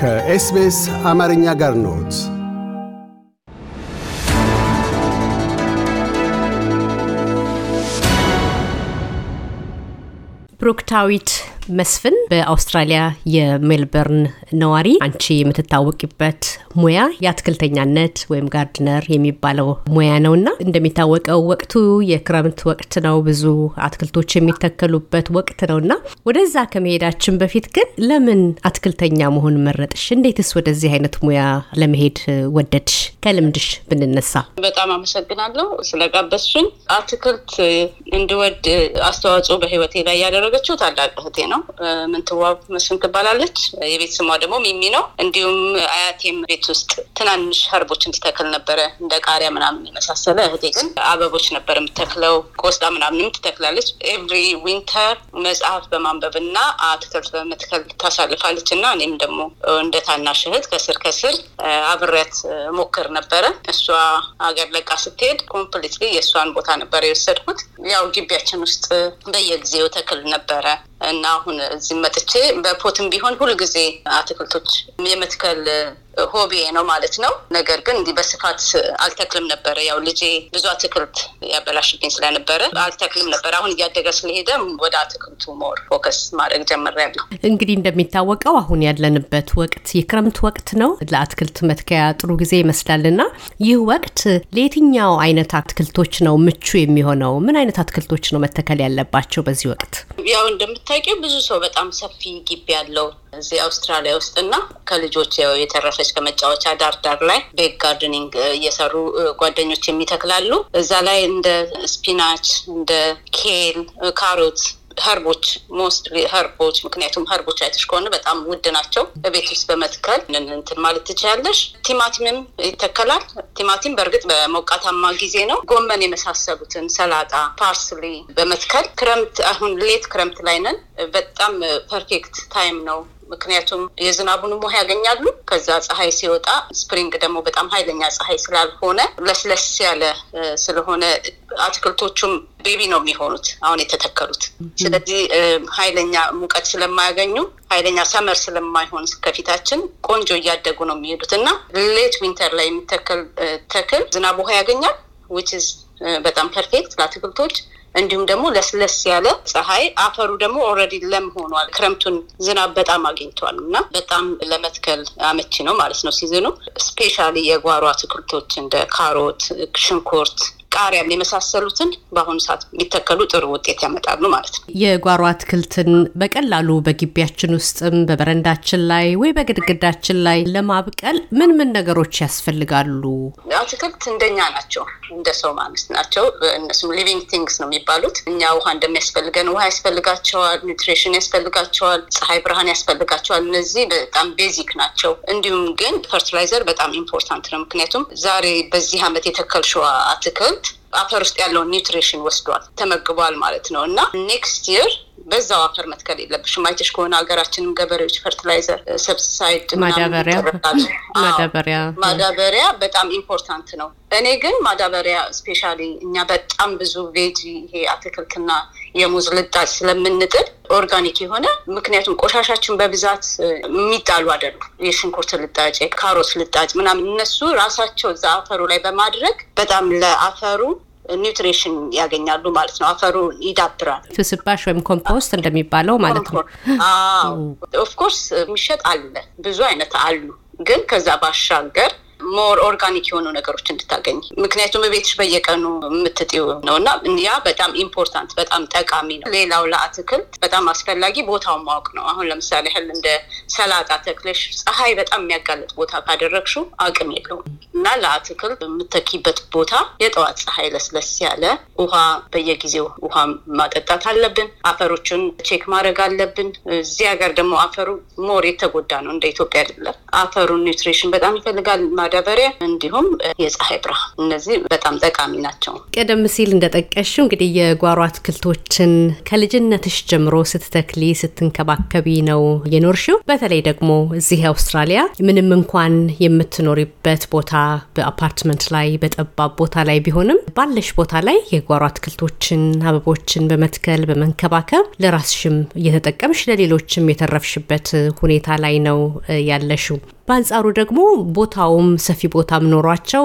ከኤስቤስ አማርኛ ጋር ኖት። ብሩክታዊት መስፍን በአውስትራሊያ የሜልበርን ነዋሪ አንቺ የምትታወቂበት ሙያ የአትክልተኛነት ወይም ጋርድነር የሚባለው ሙያ ነው እና እንደሚታወቀው ወቅቱ የክረምት ወቅት ነው። ብዙ አትክልቶች የሚተከሉበት ወቅት ነው እና ወደዛ ከመሄዳችን በፊት ግን ለምን አትክልተኛ መሆን መረጥሽ? እንዴትስ ወደዚህ አይነት ሙያ ለመሄድ ወደድሽ? ከልምድሽ ብንነሳ። በጣም አመሰግናለሁ ስለጋበሱኝ አትክልት እንድወድ አስተዋጽኦ በህይወቴ ላይ ያደረገችው ታላቅ እህቴ ነው። ምንትዋብ መስፍን ትባላለች። የቤት ስሟ ደግሞ ሚሚ ነው። እንዲሁም አያቴም ቤት ውስጥ ትናንሽ ሀርቦች ትተክል ነበረ እንደ ቃሪያ ምናምን የመሳሰለ። እህቴ ግን አበቦች ነበር የምትተክለው፣ ቆስጣ ምናምንም ትተክላለች። ኤቭሪ ዊንተር መጽሐፍ በማንበብ እና አትክልት በመትከል ታሳልፋለች እና እኔም ደግሞ እንደ ታናሽ እህት ከስር ከስር አብሬያት ሞክር ነበረ። እሷ ሀገር ለቃ ስትሄድ ኮምፕሊት የእሷን ቦታ ነበረ የወሰድኩት። ያው ግቢያችን ውስጥ በየጊዜው ተክል ነበረ እና አሁን እዚህ መጥቼ በፖትም ቢሆን ሁልጊዜ አትክልቶች የመትከል ሆቢዬ ነው ማለት ነው። ነገር ግን እንዲህ በስፋት አልተክልም ነበረ። ያው ልጄ ብዙ አትክልት ያበላሽብኝ ስለነበረ አልተክልም ነበረ። አሁን እያደገ ስለሄደ ወደ አትክልቱ ሞር ፎከስ ማድረግ ጀምሬያለሁ። እንግዲህ እንደሚታወቀው አሁን ያለንበት ወቅት የክረምት ወቅት ነው። ለአትክልት መትከያ ጥሩ ጊዜ ይመስላልና ይህ ወቅት ለየትኛው አይነት አትክልቶች ነው ምቹ የሚሆነው? ምን አይነት አትክልቶች ነው መተከል ያለባቸው በዚህ ወቅት? ያው እንደምታውቂው ብዙ ሰው በጣም ሰፊ ግቢ ያለው እዚህ አውስትራሊያ ውስጥ እና ከልጆች የተረፈች ከመጫወቻ ዳር ዳር ላይ ቤክ ጋርድኒንግ እየሰሩ ጓደኞች የሚተክላሉ። እዛ ላይ እንደ ስፒናች፣ እንደ ኬል፣ ካሮት ሀርቦች ሞስት ሀርቦች ምክንያቱም ሀርቦች አይተሽ ከሆነ በጣም ውድ ናቸው። በቤት ውስጥ በመትከል እንትን ማለት ትችላለሽ። ቲማቲምም ይተከላል። ቲማቲም በእርግጥ በሞቃታማ ጊዜ ነው። ጎመን የመሳሰሉትን ሰላጣ፣ ፓርስሊ በመትከል ክረምት አሁን ሌት ክረምት ላይ ነን። በጣም ፐርፌክት ታይም ነው ምክንያቱም የዝናቡንም ውሃ ያገኛሉ። ከዛ ፀሐይ ሲወጣ ስፕሪንግ ደግሞ በጣም ኃይለኛ ፀሐይ ስላልሆነ ለስለስ ያለ ስለሆነ አትክልቶቹም ቤቢ ነው የሚሆኑት አሁን የተተከሉት። ስለዚህ ኃይለኛ ሙቀት ስለማያገኙ ኃይለኛ ሰመር ስለማይሆን ከፊታችን ቆንጆ እያደጉ ነው የሚሄዱት እና ሌት ዊንተር ላይ የሚተከል ተክል ዝናብ ውሃ ያገኛል ዊች በጣም ፐርፌክት ለአትክልቶች እንዲሁም ደግሞ ለስለስ ያለ ፀሐይ፣ አፈሩ ደግሞ ኦልሬዲ ለም ሆኗል። ክረምቱን ዝናብ በጣም አግኝቷል እና በጣም ለመትከል አመቺ ነው ማለት ነው ሲዝኑ። ስፔሻሊ የጓሮ አትክልቶች እንደ ካሮት፣ ሽንኩርት ቃሪያም የመሳሰሉትን በአሁኑ ሰዓት ቢተከሉ ጥሩ ውጤት ያመጣሉ ማለት ነው። የጓሮ አትክልትን በቀላሉ በግቢያችን ውስጥም በበረንዳችን ላይ ወይ በግድግዳችን ላይ ለማብቀል ምን ምን ነገሮች ያስፈልጋሉ? አትክልት እንደኛ ናቸው፣ እንደ ሰው ማለት ናቸው። እነሱም ሊቪንግ ቲንግስ ነው የሚባሉት። እኛ ውሃ እንደሚያስፈልገን ውሃ ያስፈልጋቸዋል፣ ኒትሬሽን ያስፈልጋቸዋል፣ ፀሐይ ብርሃን ያስፈልጋቸዋል። እነዚህ በጣም ቤዚክ ናቸው። እንዲሁም ግን ፈርቲላይዘር በጣም ኢምፖርታንት ነው። ምክንያቱም ዛሬ በዚህ አመት የተከልሸዋ አትክልት አፈር ውስጥ ያለውን ኒውትሪሽን ወስዷል ተመግቧል ማለት ነው እና ኔክስት ይር በዛው አፈር መትከል የለብሽ አይተሽ ከሆነ ሀገራችንም ገበሬዎች ፈርትላይዘር ሰብሳይድ፣ ማዳበሪያ ማዳበሪያ በጣም ኢምፖርታንት ነው። እኔ ግን ማዳበሪያ ስፔሻሊ እኛ በጣም ብዙ ቬጂ ይሄ አትክልትና የሙዝ ልጣጭ ስለምንጥል ኦርጋኒክ የሆነ ምክንያቱም ቆሻሻችን በብዛት የሚጣሉ አደሉ የሽንኩርት ልጣጭ፣ የካሮት ልጣጭ ምናምን እነሱ ራሳቸው እዛ አፈሩ ላይ በማድረግ በጣም ለአፈሩ ኒውትሪሽን ያገኛሉ ማለት ነው። አፈሩ ይዳብራል። ፍስባሽ ወይም ኮምፖስት እንደሚባለው ማለት ነው። ኦፍኮርስ የሚሸጥ አለ፣ ብዙ አይነት አሉ። ግን ከዛ ባሻገር ሞር ኦርጋኒክ የሆኑ ነገሮች እንድታገኝ ምክንያቱም ቤትሽ በየቀኑ የምትጥው ነው እና ያ በጣም ኢምፖርታንት በጣም ጠቃሚ ነው። ሌላው ለአትክልት በጣም አስፈላጊ ቦታውን ማወቅ ነው። አሁን ለምሳሌ ህል እንደ ሰላጣ ተክለሽ ፀሐይ በጣም የሚያጋልጥ ቦታ ካደረግሹ አቅም የለውም እና ለአትክልት የምተኪበት ቦታ የጠዋት ፀሐይ ለስለስ ያለ ውሃ በየጊዜው ውሃ ማጠጣት አለብን። አፈሮችን ቼክ ማድረግ አለብን። እዚህ ሀገር ደግሞ አፈሩ ሞር የተጎዳ ነው፣ እንደ ኢትዮጵያ አይደለም። አፈሩን ኒውትሪሽን በጣም ይፈልጋል። ማዳበሪያ፣ እንዲሁም የፀሐይ ብርሃን እነዚህ በጣም ጠቃሚ ናቸው። ቀደም ሲል እንደጠቀሽው እንግዲህ የጓሮ አትክልቶችን ከልጅነትሽ ጀምሮ ስትተክሊ ስትንከባከቢ ነው የኖርሽው። በተለይ ደግሞ እዚህ አውስትራሊያ ምንም እንኳን የምትኖሪበት ቦታ በአፓርትመንት ላይ በጠባብ ቦታ ላይ ቢሆንም ባለሽ ቦታ ላይ የጓሮ አትክልቶችን አበቦችን በመትከል በመንከባከብ ለራስሽም እየተጠቀምሽ ለሌሎችም የተረፍሽበት ሁኔታ ላይ ነው ያለሽው። በአንጻሩ ደግሞ ቦታውም ሰፊ ቦታም ኖሯቸው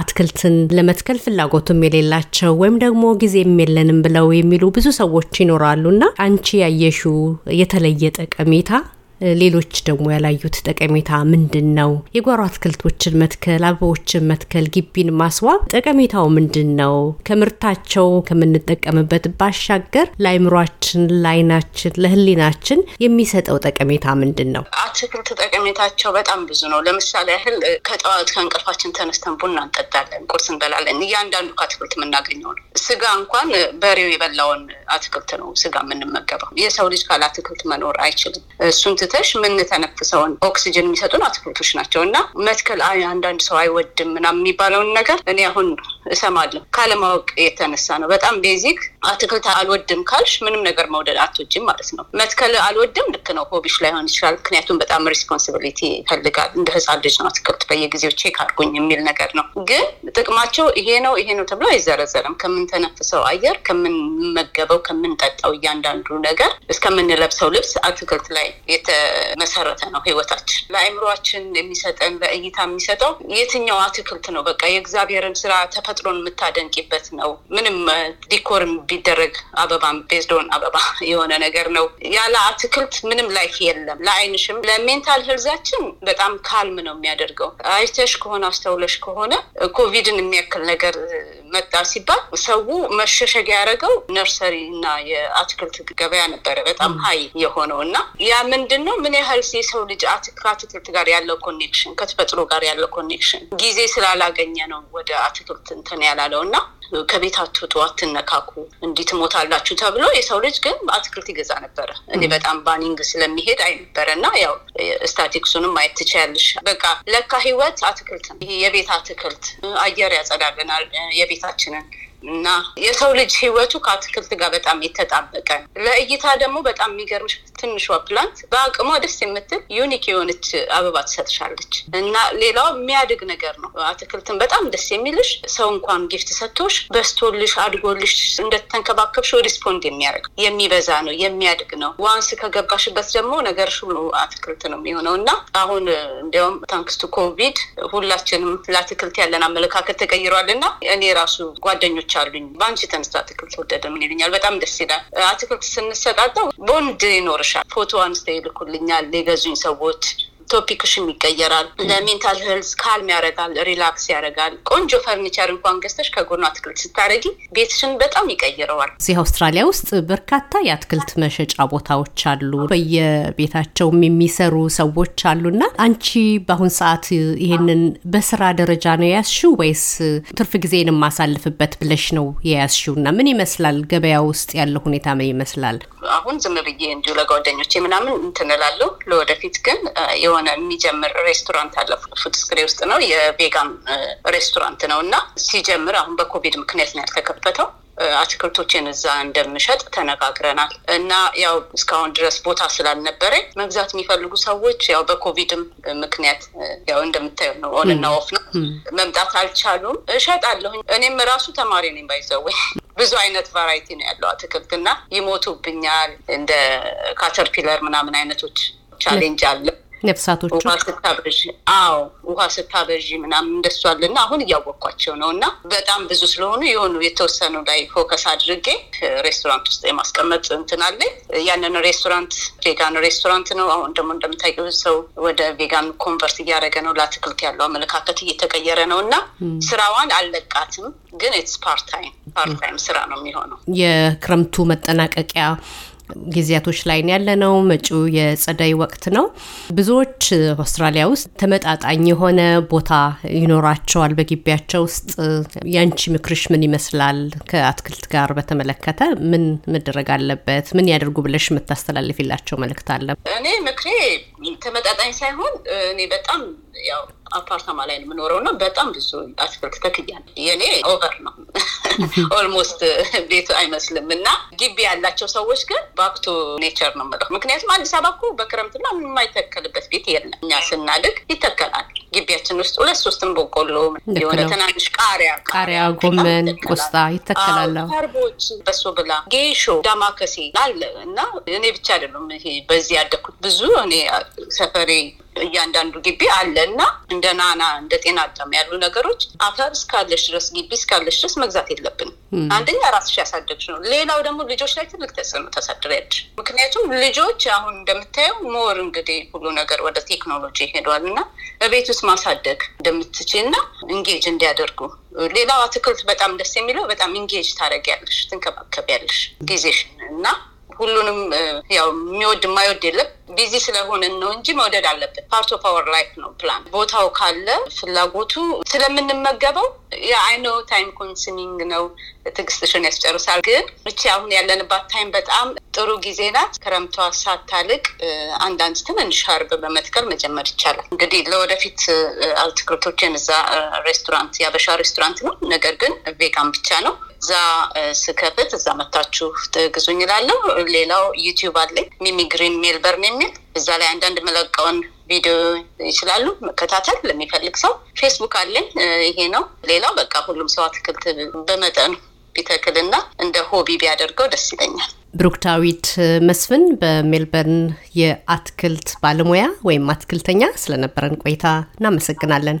አትክልትን ለመትከል ፍላጎቱም የሌላቸው ወይም ደግሞ ጊዜም የለንም ብለው የሚሉ ብዙ ሰዎች ይኖራሉና አንቺ ያየሹ የተለየ ጠቀሜታ ሌሎች ደግሞ ያላዩት ጠቀሜታ ምንድን ነው? የጓሮ አትክልቶችን መትከል፣ አበቦችን መትከል፣ ግቢን ማስዋብ ጠቀሜታው ምንድን ነው? ከምርታቸው ከምንጠቀምበት ባሻገር ለአይምሯችን፣ ለአይናችን፣ ለህሊናችን የሚሰጠው ጠቀሜታ ምንድን ነው? አትክልት ጠቀሜታቸው በጣም ብዙ ነው። ለምሳሌ ያህል ከጠዋት ከእንቅልፋችን ተነስተን ቡና እንጠጣለን፣ ቁርስ እንበላለን። እያንዳንዱ ከአትክልት የምናገኘው ነው። ስጋ እንኳን በሬው የበላውን አትክልት ነው ስጋ የምንመገበው። የሰው ልጅ ካለ አትክልት መኖር አይችልም። እሱን አስወጥተሽ የምንተነፍሰውን ኦክሲጅን የሚሰጡን አትክልቶች ናቸው እና መትከል አንዳንድ ሰው አይወድም ምና የሚባለውን ነገር እኔ አሁን እሰማለሁ ካለማወቅ የተነሳ ነው። በጣም ቤዚክ አትክልት አልወድም ካልሽ ምንም ነገር መውደድ አትወጂም ማለት ነው። መትከል አልወድም ልክ ነው፣ ሆቢሽ ላይሆን ይችላል። ምክንያቱም በጣም ሪስፖንሲቢሊቲ ይፈልጋል። እንደ ህፃን ልጅ ነው አትክልት በየጊዜው ቼክ አድርጉኝ የሚል ነገር ነው። ግን ጥቅማቸው ይሄ ነው ይሄ ነው ተብሎ አይዘረዘርም። ከምንተነፍሰው አየር፣ ከምንመገበው፣ ከምንጠጣው እያንዳንዱ ነገር እስከምንለብሰው ልብስ አትክልት ላይ መሰረተ ነው ህይወታችን። ለአእምሯችን የሚሰጠን ለእይታ የሚሰጠው የትኛው አትክልት ነው? በቃ የእግዚአብሔርን ስራ ተፈጥሮን የምታደንቂበት ነው። ምንም ዲኮር ቢደረግ አበባም ቤዝዶን አበባ የሆነ ነገር ነው። ያለ አትክልት ምንም ላይፍ የለም። ለአይንሽም ለሜንታል ህልዛችን በጣም ካልም ነው የሚያደርገው። አይተሽ ከሆነ አስተውለሽ ከሆነ ኮቪድን የሚያክል ነገር መጣ ሲባል ሰው መሸሸግ ያደረገው ነርሰሪ እና የአትክልት ገበያ ነበረ በጣም ሀይ የሆነው እና ያ ምንድን ነው ምን ያህል የሰው ልጅ ከአትክልት ጋር ያለው ኮኔክሽን ከተፈጥሮ ጋር ያለው ኮኔክሽን ጊዜ ስላላገኘ ነው ወደ አትክልት እንትን ያላለው እና ከቤት አትውጡ፣ አትነካኩ፣ እንዲህ ትሞታላችሁ ተብሎ የሰው ልጅ ግን አትክልት ይገዛ ነበረ። እኔ በጣም ባኒንግ ስለሚሄድ አይነበረ እና ያው ስታቲክሱንም ማየት ትችያለሽ። በቃ ለካ ህይወት አትክልት ነው። የቤት አትክልት አየር ያጸዳልናል፣ የቤት ቤታችንን እና የሰው ልጅ ህይወቱ ከአትክልት ጋር በጣም የተጣበቀ ለእይታ ደግሞ በጣም የሚገርምሽ ትንሿ ፕላንት በአቅሟ ደስ የምትል ዩኒክ የሆነች አበባ ትሰጥሻለች እና ሌላዋ የሚያድግ ነገር ነው። አትክልትን በጣም ደስ የሚልሽ ሰው እንኳን ጊፍት ሰጥቶሽ በስቶልሽ አድጎልሽ እንደተንከባከብሽ ሪስፖንድ የሚያደርግ የሚበዛ ነው የሚያድግ ነው። ዋንስ ከገባሽበት ደግሞ ነገር ሽሉ አትክልት ነው የሚሆነው እና አሁን እንዲያውም ታንክስቱ ኮቪድ ሁላችንም ለአትክልት ያለን አመለካከት ተቀይሯል እና እኔ ራሱ ጓደኞች አሉኝ በአንቺ ተነስቶ አትክልት ወደደ ምን በጣም ደስ ይላል አትክልት ስንሰጣጠው ቦንድ ይኖርሽ መጨረሻ ፎቶ አንስተ ይልኩልኛል የገዙኝ ሰዎች ቶፒክሽም ይቀየራል። ለሜንታል ሄልዝ ካልም ያደርጋል፣ ሪላክስ ያደርጋል። ቆንጆ ፈርኒቸር እንኳን ገዝተሽ ከጎኑ አትክልት ስታደርጊ ቤትሽን በጣም ይቀይረዋል። እዚህ አውስትራሊያ ውስጥ በርካታ የአትክልት መሸጫ ቦታዎች አሉ። በየቤታቸውም የሚሰሩ ሰዎች አሉና አንቺ በአሁን ሰዓት ይሄንን በስራ ደረጃ ነው የያዝሽው ወይስ ትርፍ ጊዜን የማሳልፍበት ብለሽ ነው የያዝሽው? እና ምን ይመስላል ገበያ ውስጥ ያለው ሁኔታ ምን ይመስላል? አሁን ዝም ብዬ እንዲሁ ለጓደኞቼ ምናምን እንትንላለሁ። ለወደፊት ግን የሆነ የሆነ የሚጀምር ሬስቶራንት አለ ፉድስክሬ ውስጥ ነው። የቬጋን ሬስቶራንት ነው እና ሲጀምር አሁን በኮቪድ ምክንያት ነው ያልተከፈተው። አትክልቶችን እዛ እንደምሸጥ ተነጋግረናል እና ያው እስካሁን ድረስ ቦታ ስላልነበረኝ መግዛት የሚፈልጉ ሰዎች ያው በኮቪድም ምክንያት ያው እንደምታየው ነው ኦንና ኦፍ ነው መምጣት አልቻሉም። እሸጣለሁኝ እኔም ራሱ ተማሪ ነኝ ባይዘወይ ብዙ አይነት ቫራይቲ ነው ያለው አትክልት ና ይሞቱብኛል እንደ ካተርፒለር ምናምን አይነቶች ቻሌንጅ አለ ነፍሳቶቹ ውሃ ስታበዥ አዎ ውሃ ስታበዥ ምናምን እንደሷልና አሁን እያወቅኳቸው ነው እና በጣም ብዙ ስለሆኑ የሆኑ የተወሰኑ ላይ ፎከስ አድርጌ ሬስቶራንት ውስጥ የማስቀመጥ እንትን ያንን ሬስቶራንት ቬጋን ሬስቶራንት ነው አሁን ደግሞ እንደምታውቂው ሰው ወደ ቬጋን ኮንቨርት እያደረገ ነው ለአትክልት ያለው አመለካከት እየተቀየረ ነው እና ስራዋን አልለቃትም ግን ኢትስ ፓርታይም ፓርታይም ስራ ነው የሚሆነው የክረምቱ መጠናቀቂያ ጊዜያቶች ላይ ያለ ነው። መጪው የጸደይ ወቅት ነው። ብዙዎች አውስትራሊያ ውስጥ ተመጣጣኝ የሆነ ቦታ ይኖራቸዋል በግቢያቸው ውስጥ። ያንቺ ምክርሽ ምን ይመስላል? ከአትክልት ጋር በተመለከተ ምን መደረግ አለበት? ምን ያደርጉ ብለሽ የምታስተላልፊላቸው መልእክት አለ? እኔ ምክሬ ተመጣጣኝ ሳይሆን እኔ በጣም ያው አፓርታማ ላይ ነው የምኖረው እና በጣም ብዙ አትክልት ተክያለሁ። የኔ ኦቨር ነው ኦልሞስት ቤቱ አይመስልም። እና ግቢ ያላቸው ሰዎች ግን ባክቱ ኔቸር ነው የምለው። ምክንያቱም አዲስ አበባ እኮ በክረምትና የማይተከልበት ቤት የለም። እኛ ስናድግ ይተከላል። ግቢያችን ውስጥ ሁለት ሶስትም በቆሎ፣ የሆነ ትናንሽ ቃሪያ፣ ቃሪያ፣ ጎመን፣ ቆስጣ ይተከላል። ተርቦች፣ በሶ ብላ፣ ጌሾ፣ ዳማከሴ አለ እና እኔ ብቻ አይደለም ይሄ በዚህ ያደግኩት ብዙ እኔ ሰፈሬ እያንዳንዱ ግቢ አለ እና እንደ ናና እንደ ጤና አዳም ያሉ ነገሮች አፈር እስካለሽ ድረስ ግቢ እስካለሽ ድረስ መግዛት የለብንም። አንደኛ ራስሽ ያሳደግሽ ነው። ሌላው ደግሞ ልጆች ላይ ትልቅ ተጽዕኖ ታሳድሪያለሽ። ምክንያቱም ልጆች አሁን እንደምታየው ሞር እንግዲህ ሁሉ ነገር ወደ ቴክኖሎጂ ሄዷል እና በቤት ውስጥ ማሳደግ እንደምትችል እና እንጌጅ እንዲያደርጉ ሌላው አትክልት በጣም ደስ የሚለው በጣም ኢንጌጅ ታደረጊያለሽ፣ ትንከባከቢያለሽ ጊዜሽን እና ሁሉንም ያው የሚወድ የማይወድ የለም። ቢዚ ስለሆነን ነው እንጂ መውደድ አለብን። ፓርት ኦፍ አወር ላይፍ ነው። ፕላን ቦታው ካለ ፍላጎቱ ስለምንመገበው የአይኖ ታይም ኮንሱሚንግ ነው፣ ትዕግስትሽን ያስጨርሳል። ግን እቺ አሁን ያለንባት ታይም በጣም ጥሩ ጊዜ ናት። ክረምቷ ሳታልቅ አንዳንድ ትንንሽ ሀርብ በመትከል መጀመር ይቻላል። እንግዲህ ለወደፊት አትክልቶችን እዛ ሬስቶራንት ያበሻ ሬስቶራንት ነው፣ ነገር ግን ቬጋን ብቻ ነው እዛ ስከፍት እዛ መታችሁ ትግዙኝ እላለሁ። ሌላው ዩቲዩብ አለኝ ሚሚ ግሪን ሜልበርን የሚል እዛ ላይ አንዳንድ መለቀውን ቪዲዮ ይችላሉ መከታተል ለሚፈልግ ሰው። ፌስቡክ አለኝ ይሄ ነው። ሌላው በቃ ሁሉም ሰው አትክልት በመጠኑ ቢተክልና እንደ ሆቢ ቢያደርገው ደስ ይለኛል። ብሩክታዊት መስፍን በሜልበርን የአትክልት ባለሙያ ወይም አትክልተኛ ስለነበረን ቆይታ እናመሰግናለን።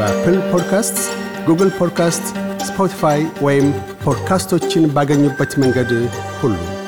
በአፕል ፖድካስት፣ ጉግል ፖድካስት፣ ስፖቲፋይ ወይም ፖድካስቶችን ባገኙበት መንገድ ሁሉ